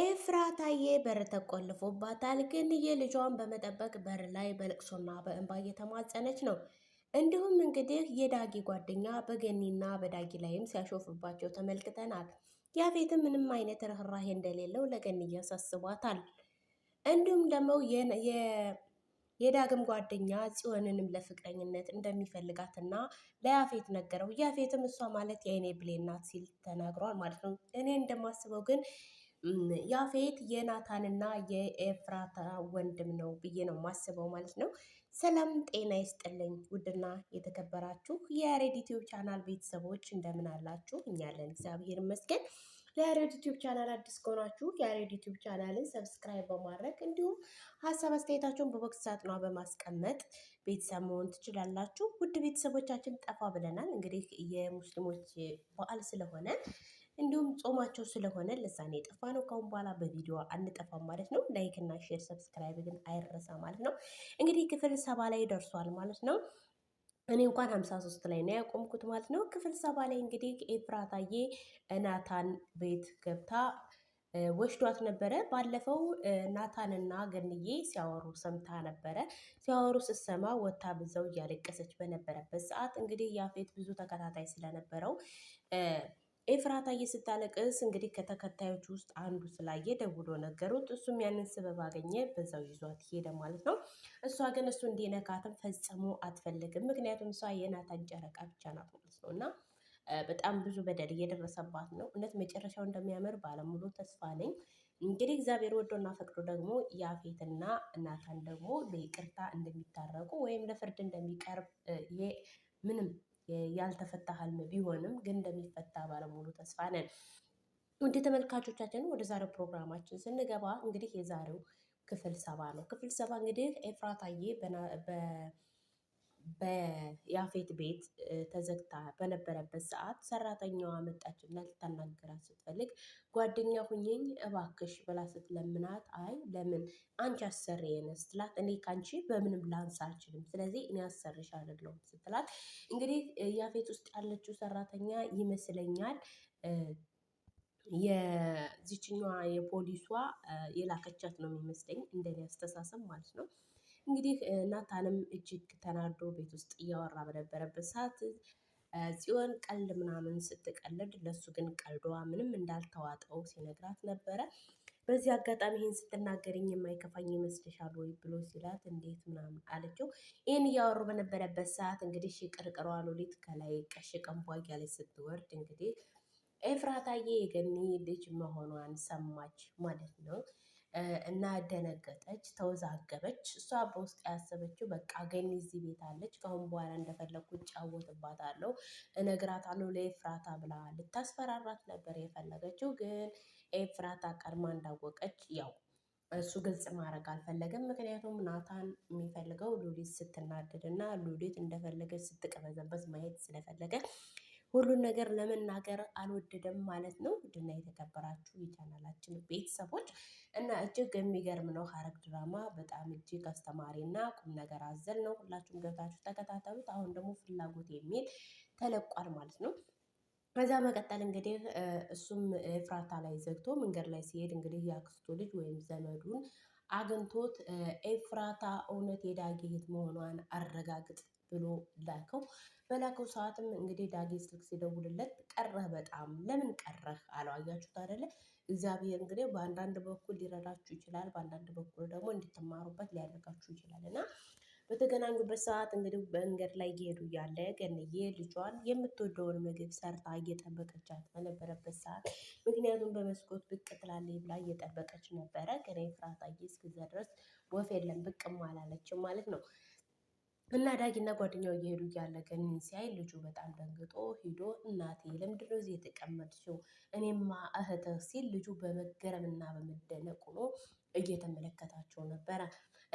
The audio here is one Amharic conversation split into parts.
ኤፍራታዬ በር ተቆልፎባታል። ግን የልጇን በመጠበቅ በር ላይ በልቅሶና በእንባ እየተማጸነች ነው። እንዲሁም እንግዲህ የዳጊ ጓደኛ በገኒና በዳጊ ላይም ሲያሾፍባቸው ተመልክተናል። ያፌትም ምንም አይነት ርኅራሄ እንደሌለው ለገኒ እያሳስቧታል። እንዲሁም ደግሞ የዳግም ጓደኛ ጽዮንንም ለፍቅረኝነት እንደሚፈልጋትና ለያፌት ነገረው። ያፌትም እሷ ማለት የአይኔ ብሌናት ናት ሲል ተናግሯል ማለት ነው። እኔ እንደማስበው ግን ያፌት የናታንና የኤፍራታ ወንድም ነው ብዬ ነው የማስበው ማለት ነው። ሰላም ጤና ይስጥልኝ ውድና የተከበራችሁ የያሬድ ዩቲዩብ ቻናል ቤተሰቦች እንደምን አላችሁ? እኛለን አለን እግዚአብሔር ይመስገን። ለያሬድ ዩቲዩብ ቻናል አዲስ ከሆናችሁ የሬድ ዩቲዩብ ቻናልን ሰብስክራይብ በማድረግ እንዲሁም ሀሳብ አስተያየታችሁን በቦክስ ሳጥኗ በማስቀመጥ ቤተሰብ መሆን ትችላላችሁ። ውድ ቤተሰቦቻችን ጠፋ ብለናል። እንግዲህ የሙስሊሞች በዓል ስለሆነ እንዲሁም ጾማቸው ስለሆነ ለዛኔ የጠፋ ነው። ካሁን በኋላ በቪዲዮ አንጠፋም ማለት ነው። ላይክ እና ሼር፣ ሰብስክራይብ ግን አይረሳ ማለት ነው። እንግዲህ ክፍል ሰባ ላይ ደርሷል ማለት ነው። እኔ እንኳን ሀምሳ ሶስት ላይ ነው ያቆምኩት ማለት ነው። ክፍል ሰባ ላይ እንግዲህ ኤፍራታዬ ናታን ቤት ገብታ ወሽዷት ነበረ። ባለፈው ናታንና ገንዬ ሲያወሩ ሰምታ ነበረ። ሲያወሩ ስትሰማ ወታ ብዛው እያለቀሰች በነበረበት ሰዓት እንግዲህ ያፌት ብዙ ተከታታይ ስለነበረው ኤፍራታዬ ስታለቅስ እንግዲህ ከተከታዮች ውስጥ አንዱ ስላየ ደውሎ ነገሩት። እሱም ያንን ስበብ አገኘ፣ በዛው ይዟት ሄደ ማለት ነው። እሷ ግን እሱ እንዲነካትም ፈጽሞ አትፈልግም። ምክንያቱም እሷ የናታን ጨረቃ ብቻ ናት ማለት ነው እና በጣም ብዙ በደል እየደረሰባት ነው። እውነት መጨረሻው እንደሚያምር ባለሙሉ ተስፋ ነኝ። እንግዲህ እግዚአብሔር ወዶና ፈቅዶ ደግሞ ያፌትና ናታን ደግሞ ለይቅርታ እንደሚታረቁ ወይም ለፍርድ እንደሚቀርብ ይሄ ምንም ያልተፈታ ህልም ቢሆንም ግን እንደሚፈታ ባለሙሉ ተስፋ ነን። ውድ ተመልካቾቻችን ወደ ዛሬው ፕሮግራማችን ስንገባ እንግዲህ የዛሬው ክፍል ሰባ ነው። ክፍል ሰባ እንግዲህ ኤፍራታዬ በያፌት ቤት ተዘግታ በነበረበት ሰዓት ሰራተኛዋ መጣችና ልታናገራት ስትፈልግ ጓደኛ ሁኜኝ እባክሽ ብላ ስትለምናት፣ አይ ለምን አንቺ አሰሪ ነሽ ስትላት፣ እኔ ከአንቺ በምንም ላንሳ አልችልም፣ ስለዚህ እኔ አሰርሽ አይደለሁም ስትላት፣ እንግዲህ ያፌት ውስጥ ያለችው ሰራተኛ ይመስለኛል የዚችኛዋ የፖሊሷ የላከቻት ነው የሚመስለኝ እንደኔ አስተሳሰብ ማለት ነው። እንግዲህ ናታንም እጅግ ተናዶ ቤት ውስጥ እያወራ በነበረበት ሰዓት ጽዮን ቀልድ ምናምን ስትቀልድ ለሱ ግን ቀልዷ ምንም እንዳልተዋጠው ሲነግራት ነበረ። በዚህ አጋጣሚ ይህን ስትናገርኝ የማይከፋኝ ይመስልሻል ወይ ብሎ ሲላት እንዴት ምናምን አለችው። ይህን እያወሩ በነበረበት ሰዓት እንግዲህ ሽቅርቅሯ ሉሊት ከላይ ቀሽ ቀንቧግ ያለች ስትወርድ እንግዲህ ኤፍራታዬ የገኒ ልጅ መሆኗን ሰማች ማለት ነው። እና ደነገጠች፣ ተወዛገበች። እሷ በውስጥ ያሰበችው በቃ ገኒ እዚህ ቤት አለች፣ ከአሁን በኋላ እንደፈለግኩ እጫወትባታለሁ፣ እነግራታለሁ ለኤፍራታ ብላ ልታስፈራራት ነበር የፈለገችው። ግን ኤፍራታ ቀድማ እንዳወቀች ያው እሱ ግልጽ ማድረግ አልፈለገም። ምክንያቱም ናታን የሚፈልገው ሉሊት ስትናደድ እና ሉሊት እንደፈለገች ስትቀበዘበት ማየት ስለፈለገ ሁሉን ነገር ለመናገር አልወደደም ማለት ነው። ውድና የተከበራችሁ የቻናላችን ቤተሰቦች እና እጅግ የሚገርም ነው ሐረግ ድራማ በጣም እጅግ አስተማሪ እና ቁም ነገር አዘል ነው። ሁላችሁም ገብታችሁ ተከታተሉት። አሁን ደግሞ ፍላጎት የሚል ተለቋል ማለት ነው። ከዛ መቀጠል እንግዲህ እሱም ኤፍራታ ላይ ዘግቶ መንገድ ላይ ሲሄድ እንግዲህ የአክስቱ ልጅ ወይም ዘመዱን አግኝቶት ኤፍራታ እውነት የዳጊ እህት መሆኗን አረጋግጥ ብሎ ላከው። በላከው ሰዓትም እንግዲህ ዳጌ ስልክ ሲደውልለት ቀረህ፣ በጣም ለምን ቀረህ አለው። አያችሁት አይደለ? እግዚአብሔር እንግዲህ በአንዳንድ በኩል ሊረዳችሁ ይችላል፣ በአንዳንድ በኩል ደግሞ እንድትማሩበት ሊያደርጋችሁ ይችላል እና በተገናኙበት ሰዓት እንግዲህ መንገድ ላይ እየሄዱ እያለ ገንዬ ልጇን የምትወደውን ምግብ ሰርታ እየጠበቀቻት በነበረበት ሰዓት ምክንያቱም በመስኮት ብቅ ትላለች ብላ እየጠበቀች ነበረ። ገና የፍርሃት እስከዚያ ድረስ ወፍ የለም ብቅም አላለችም ማለት ነው። እና ዳጊና ጓደኛው እየሄዱ እያለ ገኒ ሲያይ ልጁ በጣም ደንግጦ ሂዶ እናቴ ለምንድነው እዚህ የተቀመጥሽው? እኔማ እህትህ ሲል ልጁ በመገረምና በመደነቅ ሆኖ እየተመለከታቸው ነበረ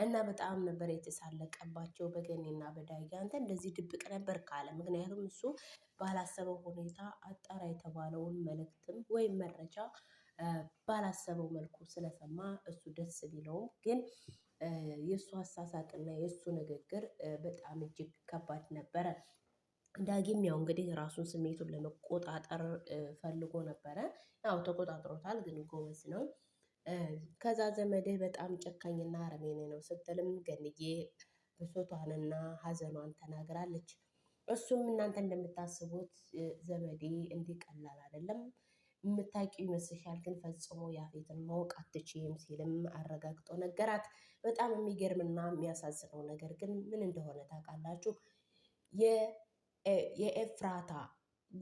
እና በጣም ነበር የተሳለቀባቸው በገኔና በዳጊ። አንተ እንደዚህ ድብቅ ነበር ካለ ምክንያቱም እሱ ባላሰበው ሁኔታ አጣራ የተባለውን መልእክትም ወይም መረጃ ባላሰበው መልኩ ስለሰማ እሱ ደስ ቢለውም ግን የእሱ አሳሳቅና የእሱ ንግግር በጣም እጅግ ከባድ ነበረ። ዳጊም ያው እንግዲህ ራሱን ስሜቱን ለመቆጣጠር ፈልጎ ነበረ። ያው ተቆጣጥሮታል፣ ግን ጎበዝ ነው። ከዛ ዘመድህ በጣም ጨካኝና አረመኔ ነው ስትልም ገንዬ ብሶቷንና ሀዘኗን ተናግራለች። እሱም እናንተ እንደምታስቡት ዘመዴ እንዲህ ቀላል አይደለም የምታውቂው ይመስልሻል፣ ግን ፈጽሞ ያፌትን ማወቅ አትችይም ሲልም አረጋግጦ ነገራት። በጣም የሚገርምና የሚያሳዝነው ነገር ግን ምን እንደሆነ ታውቃላችሁ? የኤፍራታ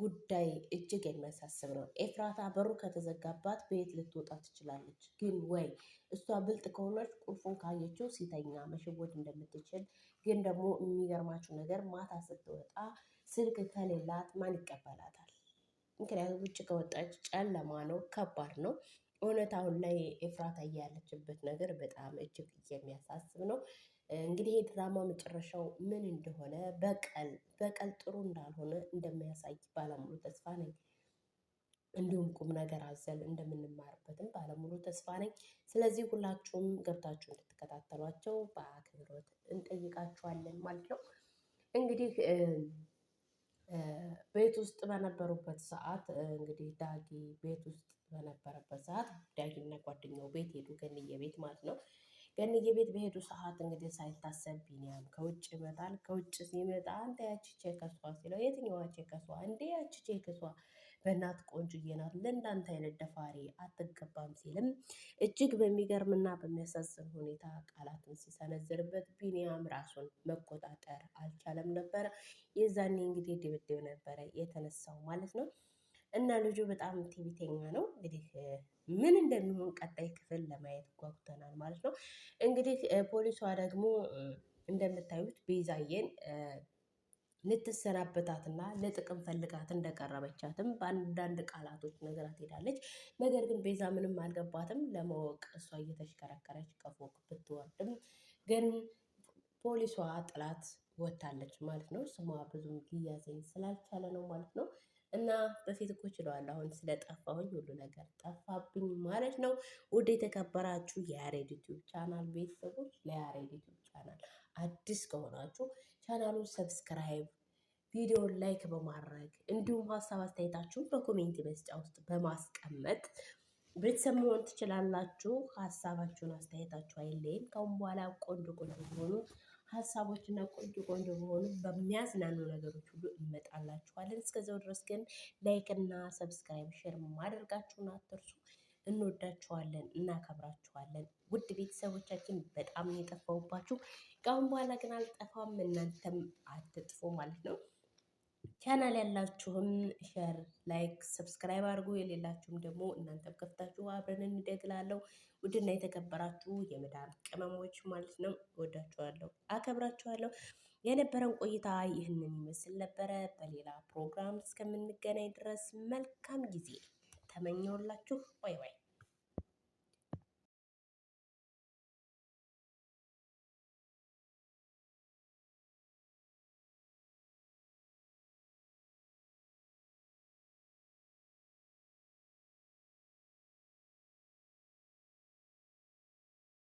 ጉዳይ እጅግ የሚያሳስብ ነው። ኤፍራታ በሩ ከተዘጋባት ቤት ልትወጣ ትችላለች፣ ግን ወይ እሷ ብልጥ ከሆነች ቁልፉን ካየችው ሲተኛ መሸወድ እንደምትችል ግን ደግሞ የሚገርማችሁ ነገር ማታ ስትወጣ ስልክ ከሌላት ማን ይቀበላታል? ምክንያቱም ውጭ ከወጣች ጨለማ ነው፣ ከባድ ነው። እውነት አሁን ላይ ኤፍራታ ያለችበት ነገር በጣም እጅግ የሚያሳስብ ነው። እንግዲህ ይሄ መጨረሻው ምን እንደሆነ በቀል በቀል ጥሩ እንዳልሆነ እንደሚያሳይ ባለሙሉ ተስፋ ነኝ። እንዲሁም ቁም ነገር አዘል እንደምንማርበትም ባለሙሉ ተስፋ ነኝ። ስለዚህ ሁላችሁም ገብታችሁ እንድትከታተሏቸው በአክብሮት እንጠይቃችኋለን ማለት ነው እንግዲህ ቤት ውስጥ በነበሩበት ሰዓት እንግዲህ ዳጊ ቤት ውስጥ በነበረበት ሰዓት ዳጊና ጓደኛው ቤት ሄዱ፣ ገንዬ ቤት ማለት ነው። ገንዬ ቤት በሄዱ ሰዓት እንግዲህ ሳይታሰብ ቢኒያም ከውጭ ይመጣል። ከውጭ ሲመጣ አንተ ያቺ ቼከሷ ሲለው የትኛዋ ቼከሷ እንዴ ያቺ ቼከሷ በእናት ቆንጅዬ ናት፣ ለእናንተ አይነት ደፋሪ አትገባም ሲልም እጅግ በሚገርምና በሚያሳዝን ሁኔታ ቃላትን ሲሰነዝርበት ቢኒያም ራሱን መቆጣጠር አልቻለም ነበረ። የዛኔ እንግዲህ ድብድብ ነበረ የተነሳው ማለት ነው። እና ልጁ በጣም ትዕቢተኛ ነው። እንግዲህ ምን እንደሚሆን ቀጣይ ክፍል ለማየት ጓጉተናል ማለት ነው። እንግዲህ ፖሊሷ ደግሞ እንደምታዩት ቤዛዬን ልትሰናበታትና ለጥቅም ፈልጋት እንደቀረበቻትም በአንዳንድ ቃላቶች ነገራት ሄዳለች። ነገር ግን ቤዛ ምንም አልገባትም። ለማወቅ እሷ እየተሽከረከረች ከፎቅ ብትወርድም ግን ፖሊሷ ጥላት ወታለች ማለት ነው። ስሟ ብዙም ሊያዘኝ ስላልቻለ ነው ማለት ነው። እና በፊት እኮ ችለዋል፣ አሁን ስለጠፋሁኝ ሁሉ ነገር ጠፋብኝ ማለት ነው። ውድ የተከበራችሁ የያሬድ ዩቲዩብ ቻናል ቤተሰቦች ለያሬድ ዩቲዩብ ቻናል አዲስ ከሆናችሁ ቻናሉን ሰብስክራይብ፣ ቪዲዮን ላይክ በማድረግ እንዲሁም ሀሳብ አስተያየታችሁን በኮሜንት መስጫ ውስጥ በማስቀመጥ ቤተሰብ መሆን ትችላላችሁ። ሀሳባችሁን አስተያየታችሁ አይለይም። ካሁን በኋላ ቆንጆ ቆንጆ በሆኑ ሀሳቦችና ቆንጆ ቆንጆ በሆኑ በሚያዝናኑ ነገሮች ሁሉ እንመጣላችኋለን። እስከዚያው ድረስ ግን ላይክ ሰብስክራይብ፣ ሼር ማድረጋችሁን አትርሱ። እንወዳችኋለን፣ እናከብራችኋለን። ውድ ቤተሰቦቻችን በጣም ነው የጠፋሁባችሁ። ከአሁን በኋላ ግን አልጠፋም፣ እናንተም አትጥፉ ማለት ነው። ቻናል ያላችሁም ሼር፣ ላይክ፣ ሰብስክራይብ አድርጉ። የሌላችሁም ደግሞ እናንተም ከፍታችሁ አብረን እንደግላለው። ውድና የተከበራችሁ የመዳም ቅመሞች ማለት ነው እወዳችኋለሁ፣ አከብራችኋለሁ። የነበረን ቆይታ ይህንን ይመስል ነበረ። በሌላ ፕሮግራም እስከምንገናኝ ድረስ መልካም ጊዜ ተመኘውላችሁ። ባይ ባይ።